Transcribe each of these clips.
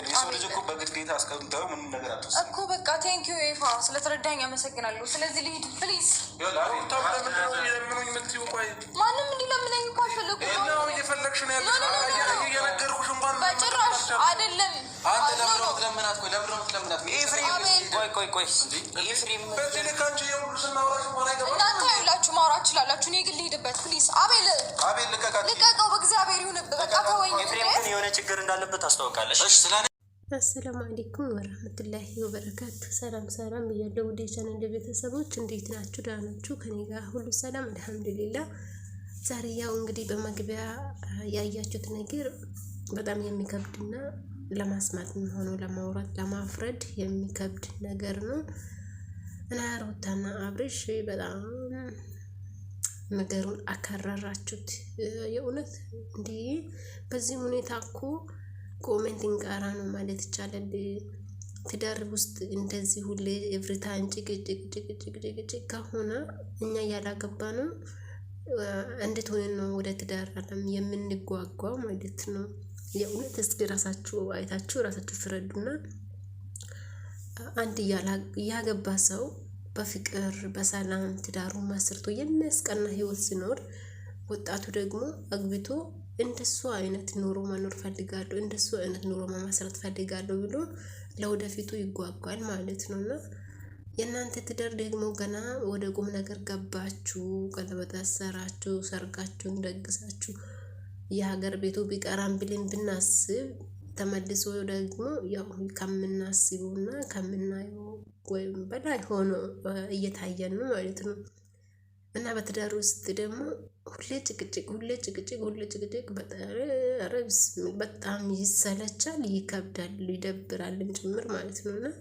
የሰው ልጅ እኮ በግዴታ አስቀምጠው ምንም ነገር አትወስድም እኮ። በቃ ቴንክ ዩ ስለተረዳኝ አመሰግናለሁ። ስለዚህ ልሂድ ፕሊዝ። ማንም እንዲለምነኝ እኮ አልፈለኩም። በጭራሽ አይደለም። ቆይ ቆይ፣ በዚህ ልክ አንቺ የሁሉ ስም ማውራት እንኳን አይገባም። እናንተ ይኸውላችሁ ማውራት ትችላላችሁ። እኔ ግን ልሄድበት። ፕሊዝ አቤል፣ አቤል ልቀቃት፣ ልቀቀው። በእግዚአብሔር ይሁንብህ፣ በቃ ተወኝ። ኤፍሬም የሆነ ችግር እንዳለበት ታስታውቃለች። አሰላሙ አሌይኩም ወረህመቱላሂ ወበረካቱ። ሰላም ሰላም ብያለሁ ውድ የቻናል ቤተሰቦች፣ እንዴት ናችሁ? ደህና ናችሁ? ከኔ ጋር ሁሉ ሰላም አልሐምዱሊላ። ዛሬ ያው እንግዲህ በመግቢያ ያያችሁት ነገር በጣም የሚከብድና ለማስማት የሚሆኑ ለማውራት ለማፍረድ የሚከብድ ነገር ነው እና ሩታና አብርሽ በጣም ነገሩን አካረራችሁት። የእውነት እንዲህ በዚህ ሁኔታ እኮ ኮሜንት እንቃራ ነው ማለት ይቻላል። ትዳር ውስጥ እንደዚህ ሁሌ ኤቭሪታይም ጭቅጭቅጭቅጭቅጭቅ ከሆነ እኛ ያላገባ ነው እንዴት ሆነን ነው ወደ ትዳር ዓለም የምንጓጓው ማለት ነው። የእውነት እስኪ ራሳችሁ አይታችሁ ራሳችሁ ፍረዱና አንድ ያገባ ሰው በፍቅር በሰላም ትዳሩ መስርቶ የሚያስቀና ህይወት ሲኖር ወጣቱ ደግሞ አግብቶ እንደሱ አይነት ኑሮ መኖር ፈልጋለሁ እንደሱ አይነት ኑሮ መመስረት ፈልጋለሁ ብሎ ለወደፊቱ ይጓጓል ማለት ነው። እና የእናንተ ትዳር ደግሞ ገና ወደ ቁም ነገር ገባችሁ፣ ቀለበት አሰራችሁ፣ ሰርጋችሁን ደግሳችሁ የሀገር ቤቱ ቢቀራም ብልን ብናስብ ተመልሶ ደግሞ ያው ከምናስበውና ከምናየው ወይም በላይ ሆኖ እየታየን ነው ማለት ነው። እና በትዳር ውስጥ ደግሞ ሁሌ ጭቅጭቅ ሁሌ ጭቅጭቅ ሁሌ ጭቅጭቅ በጣም ይሰለቻል፣ ይከብዳል፣ ይደብራልን ጭምር ማለት ነው። እና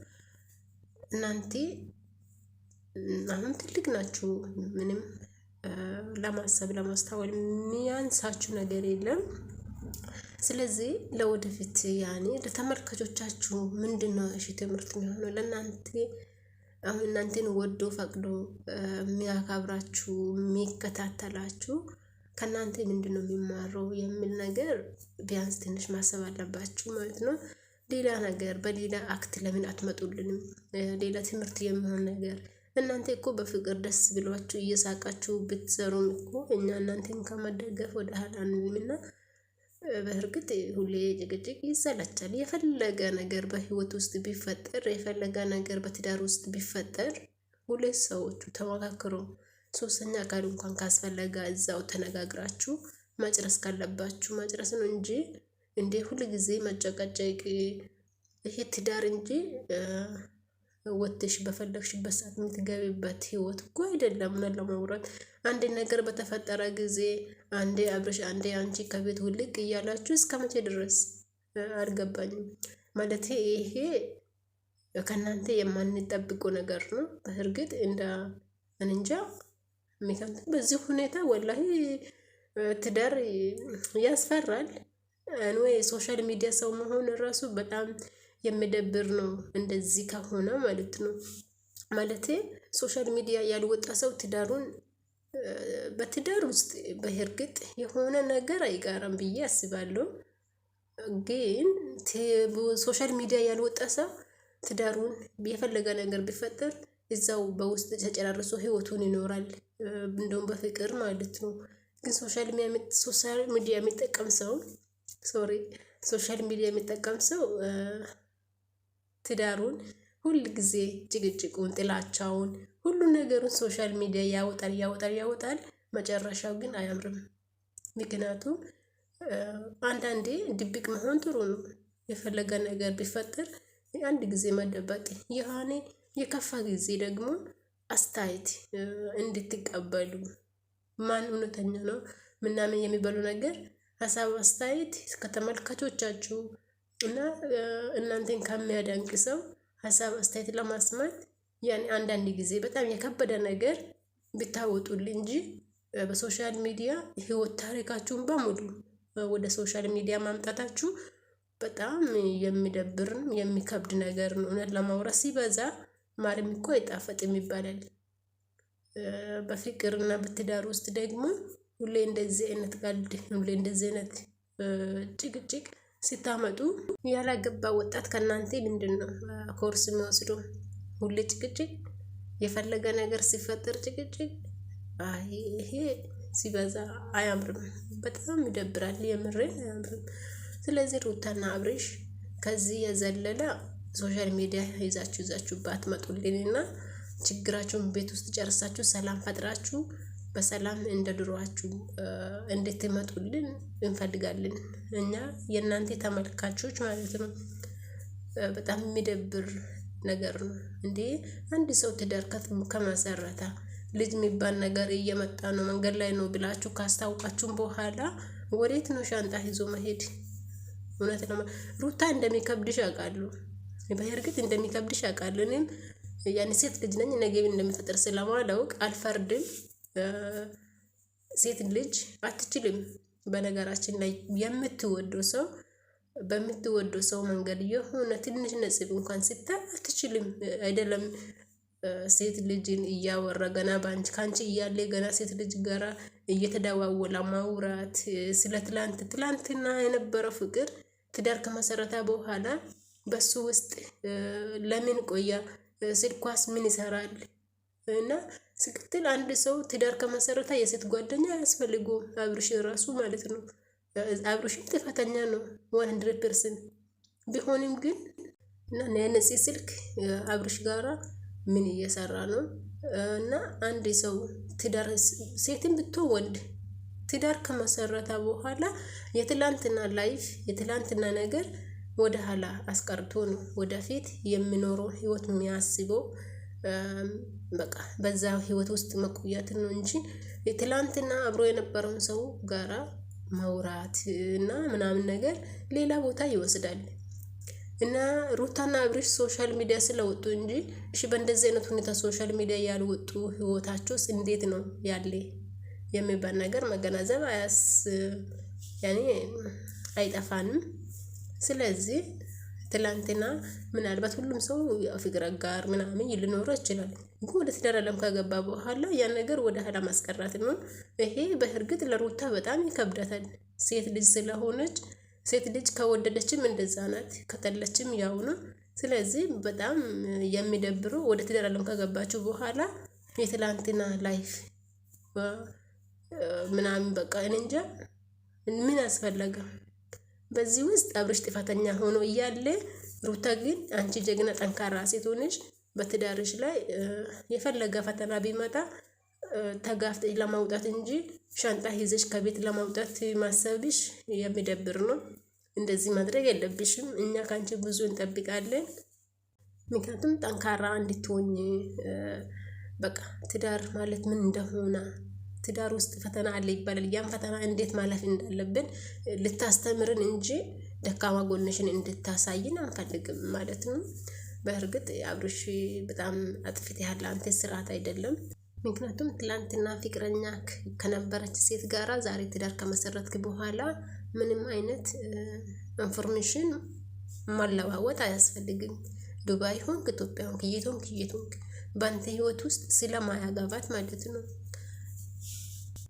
እናንተ አሁን ትልቅ ናችሁ ምንም ለማሰብ ለማስታወል የሚያንሳችሁ ነገር የለም። ስለዚህ ለወደፊት ያኔ ለተመልካቾቻችሁ ምንድን ነው እሺ ትምህርት የሚሆነው ለእናንተ አሁን እናንተን ወዶ ፈቅዶ የሚያከብራችሁ የሚከታተላችሁ ከእናንተ ምንድን ነው የሚማረው የሚል ነገር ቢያንስ ትንሽ ማሰብ አለባችሁ ማለት ነው። ሌላ ነገር በሌላ አክት ለምን አትመጡልንም? ሌላ ትምህርት የሚሆን ነገር እናንተ እኮ በፍቅር ደስ ብሏችሁ እየሳቃችሁ ብትሰሩም እኮ እኛ እናንተን ከመደገፍ ወደ ኋላ አንልምና። በእርግጥ ሁሌ ጭቅጭቅ ይሰለቻል። የፈለገ ነገር በህይወት ውስጥ ቢፈጠር፣ የፈለገ ነገር በትዳር ውስጥ ቢፈጠር ሁሌ ሰዎቹ ተመካክሮ ሶስተኛ አካል እንኳን ካስፈለገ እዛው ተነጋግራችሁ መጭረስ ካለባችሁ መጭረስ ነው እንጂ እንዴ ሁል ጊዜ መጨቀጨቅ ይሄ ትዳር እንጂ ወጥሽ በፈለግሽበት ሰዓት የምትገቢበት ህይወት እኮ አይደለም። ነ ለመውረት አንድ ነገር በተፈጠረ ጊዜ አንዴ አብረሽ አንዴ አንቺ ከቤት ውልቅ እያላችሁ እስከ መቼ ድረስ አልገባኝም። ማለት ይሄ ከእናንተ የማንጠብቁ ነገር ነው። በእርግጥ እንደ እንጃ ሚከምት በዚህ ሁኔታ ወላሂ ትዳር ያስፈራል። ሶሻል ሚዲያ ሰው መሆን ራሱ በጣም የሚደብር ነው እንደዚህ ከሆነ ማለት ነው። ማለቴ ሶሻል ሚዲያ ያልወጣ ሰው ትዳሩን በትዳር ውስጥ በእርግጥ የሆነ ነገር አይቀርም ብዬ አስባለሁ። ግን ሶሻል ሚዲያ ያልወጣ ሰው ትዳሩን የፈለገ ነገር ቢፈጠር እዛው በውስጥ ተጨራርሶ ህይወቱን ይኖራል፣ እንደውም በፍቅር ማለት ነው። ግን ሶሻል ሚዲያ የሚጠቀም ሰው ሶሪ ሶሻል ሚዲያ የሚጠቀም ሰው ትዳሩን ሁል ጊዜ ጭቅጭቁን፣ ጥላቻውን፣ ሁሉ ነገሩን ሶሻል ሚዲያ ያወጣል ያወጣል ያወጣል። መጨረሻው ግን አያምርም። ምክንያቱም አንዳንዴ ድብቅ መሆን ጥሩ ነው። የፈለገ ነገር ቢፈጠር አንድ ጊዜ መደበቅ የሆነ የከፋ ጊዜ ደግሞ አስተያየት እንድትቀበሉ ማን እውነተኛ ነው ምናምን የሚበሉ ነገር ሀሳብ አስተያየት ከተመልካቾቻችሁ እና እናንተን ከሚያደንቅ ሰው ሀሳብ አስተያየት ለማስማት ያን አንዳንድ ጊዜ በጣም የከበደ ነገር ብታወጡል እንጂ በሶሻል ሚዲያ ህይወት ታሪካችሁን በሙሉ ወደ ሶሻል ሚዲያ ማምጣታችሁ በጣም የሚደብርን የሚከብድ ነገር ነው። እውነት ለማውራት ሲበዛ ማርም እኮ አይጣፈጥም ይባላል። በፍቅርና በትዳር ውስጥ ደግሞ ሁሌ እንደዚህ አይነት ቀልድ፣ ሁሌ እንደዚህ አይነት ጭቅጭቅ ስታመጡ ያላገባ ወጣት ከእናንተ ምንድን ነው ኮርስ የሚወስዱ? ሁሌ ጭቅጭቅ፣ የፈለገ ነገር ሲፈጠር ጭቅጭቅ። ይሄ ሲበዛ አያምርም፣ በጣም ይደብራል። የምሬን አያምርም። ስለዚህ ሩታና አብሬሽ ከዚህ የዘለለ ሶሻል ሚዲያ ይዛችሁ ይዛችሁ እና ችግራችሁን ቤት ውስጥ ጨርሳችሁ ሰላም ፈጥራችሁ በሰላም እንደ ድሯችሁ እንድትመጡልን እንፈልጋለን። እኛ የእናንተ ተመልካቾች ማለት ነው። በጣም የሚደብር ነገር ነው እንዴ! አንድ ሰው ትዳር ከመሰረተ ልጅ የሚባል ነገር እየመጣ ነው መንገድ ላይ ነው ብላችሁ ካስታውቃችሁም በኋላ ወዴት ነው ሻንጣ ይዞ መሄድ? እውነት ለማ ሩታ እንደሚከብድሽ አውቃለሁ። በእርግጥ እንደሚከብድሽ አውቃለሁ። እኔም ያኔ ሴት ልጅ ነኝ ነገ እንደምፈጥር ስለማላውቅ አልፈርድም። ሴት ልጅ አትችልም። በነገራችን ላይ የምትወደው ሰው በምትወደው ሰው መንገድ የሆነ ትንሽ ነጽብ እንኳን ስታ አትችልም። አይደለም ሴት ልጅን እያወራ ገና በአንቺ ከአንቺ እያለ ገና ሴት ልጅ ጋራ እየተደዋወላ ማውራት ስለ ትላንት ትላንትና የነበረ ፍቅር ትዳር ከመሰረታ በኋላ በሱ ውስጥ ለምን ቆያ? ስልኳስ ምን ይሰራል? እና ስክትል አንድ ሰው ትዳር ከመሰረታ የሴት ጓደኛ ያስፈልጉ አብርሽ ራሱ ማለት ነው። አብርሽም ጥፋተኛ ነው ዋን ሀንድረድ ፐርሰንት ቢሆንም ግን እና ነፂ ስልክ አብርሽ ጋራ ምን እየሰራ ነው? እና አንድ ሰው ትዳር ሴትን ብቶ ወንድ ትዳር ከመሰረታ በኋላ የትላንትና ላይፍ የትላንትና ነገር ወደ ኋላ አስቀርቶ ነው ወደፊት የሚኖረው ህይወት የሚያስበው። በቃ በዛ ህይወት ውስጥ መቆያትን ነው እንጂ ትላንትና አብሮ የነበረውን ሰው ጋራ መውራት እና ምናምን ነገር ሌላ ቦታ ይወስዳል። እና ሩታና አብሪሽ ሶሻል ሚዲያ ስለወጡ እንጂ እሺ፣ በእንደዚህ አይነት ሁኔታ ሶሻል ሚዲያ ያልወጡ ህይወታቸው ውስጥ እንዴት ነው ያለ የሚባል ነገር መገናዘብ አያስ ያኔ አይጠፋንም። ስለዚህ ትላንትና ምናልባት ሁሉም ሰው ፍቅር አጋር ምናምን ሊኖረው ይችላል። ግን ወደ ትዳር አለም ከገባ በኋላ ያን ነገር ወደ ኋላ ማስቀራት ነው። ይሄ በእርግጥ ለሩታ በጣም ይከብዳታል። ሴት ልጅ ስለሆነች ሴት ልጅ ከወደደችም እንደዛ ናት፣ ከተለችም ያው ነው። ስለዚህ በጣም የሚደብሩ ወደ ትዳር አለም ከገባችሁ በኋላ የትላንትና ላይፍ ምናምን በቃ እንጃ ምን አስፈለገ? በዚህ ውስጥ አብርሽ ጥፋተኛ ሆኖ እያለ ሩታ ግን አንቺ ጀግና ጠንካራ ሴት ሆነሽ በትዳርሽ ላይ የፈለገ ፈተና ቢመጣ ተጋፍጠሽ ለማውጣት እንጂ ሻንጣ ይዘሽ ከቤት ለማውጣት ማሰብሽ የሚደብር ነው። እንደዚህ ማድረግ የለብሽም። እኛ ከአንቺ ብዙ እንጠብቃለን። ምክንያቱም ጠንካራ እንድትሆኝ በቃ ትዳር ማለት ምን እንደሆነ ትዳር ውስጥ ፈተና አለ ይባላል። ያም ፈተና እንዴት ማለፍ እንዳለብን ልታስተምርን እንጂ ደካማ ጎንሽን እንድታሳይን አንፈልግም ማለት ነው። በእርግጥ አብርሽ በጣም ያለ አንተ፣ ስርዓት አይደለም። ምክንያቱም ትላንትና ፍቅረኛ ከነበረች ሴት ጋራ ዛሬ ትዳር ከመሰረትክ በኋላ ምንም አይነት ኢንፎርሜሽን ማለዋወጥ አያስፈልግም። ዱባይ ሆንክ፣ ኢትዮጵያ ሆንክ፣ ሆንክ የት ሆንክ በአንተ ህይወት ውስጥ ስለማያገባት ማለት ነው።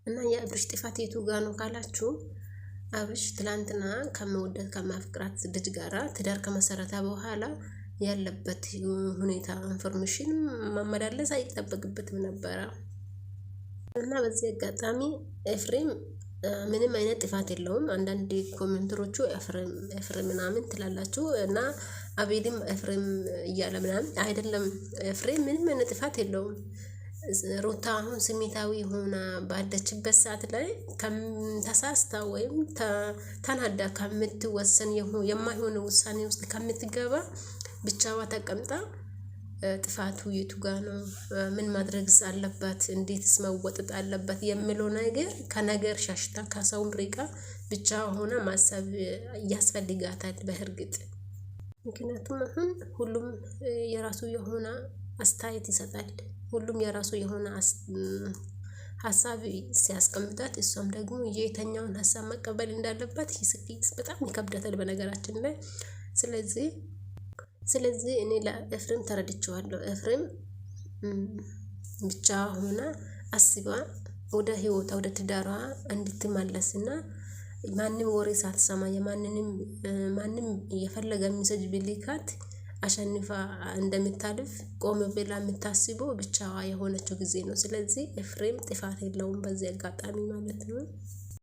እና የአብርሽ ጥፋት የቱ ጋ ነው ካላችሁ አብርሽ ትላንትና ከመወዳት ከማፍቅራት ልጅ ጋራ ትዳር ከመሰረታ በኋላ ያለበት ሁኔታ ኢንፎርሜሽን ማመላለስ አይጠበቅበትም ነበረ እና በዚህ አጋጣሚ ኤፍሬም ምንም አይነት ጥፋት የለውም። አንዳንድ ኮሜንተሮቹ ኤፍሬም ምናምን ትላላችሁ እና አቤልም ኤፍሬም እያለ ምናምን አይደለም። ኤፍሬም ምንም አይነት ጥፋት የለውም። ሩታ አሁን ስሜታዊ ሆና ባለችበት ሰዓት ላይ ተሳስታ ወይም ተናዳ ከምትወሰን የማይሆነ ውሳኔ ውስጥ ከምትገባ ብቻዋ ተቀምጣ ጥፋቱ የቱ ጋ ነው? ምን ማድረግስ አለባት? እንዴትስ መወጠጥ አለባት? የምለው ነገር ከነገር ሻሽታ ከሰውም ሪቃ ብቻ ሆና ማሰብ ያስፈልጋታል። በእርግጥ ምክንያቱም አሁን ሁሉም የራሱ የሆነ አስተያየት ይሰጣል። ሁሉም የራሱ የሆነ ሀሳብ ሲያስቀምጣት እሷም ደግሞ የተኛውን ሀሳብ መቀበል እንዳለባት ይህ በጣም ይከብዳታል በነገራችን ላይ። ስለዚህ ስለዚህ እኔ ለኤፍሬም ተረድቼዋለሁ። ኤፍሬም ብቻ ሆና አስባ ወደ ህይወቷ ወደ ትዳሯ እንድትመለስና ማንም ወሬ ሳትሰማ የማንንም ማንም የፈለገ ሚሰጅ ቢልካት አሸንፋ እንደምታልፍ ቆም ብላ የምታስበው ብቻዋ የሆነችው ጊዜ ነው። ስለዚህ ኤፍሬም ጥፋት የለውም በዚህ አጋጣሚ ማለት ነው።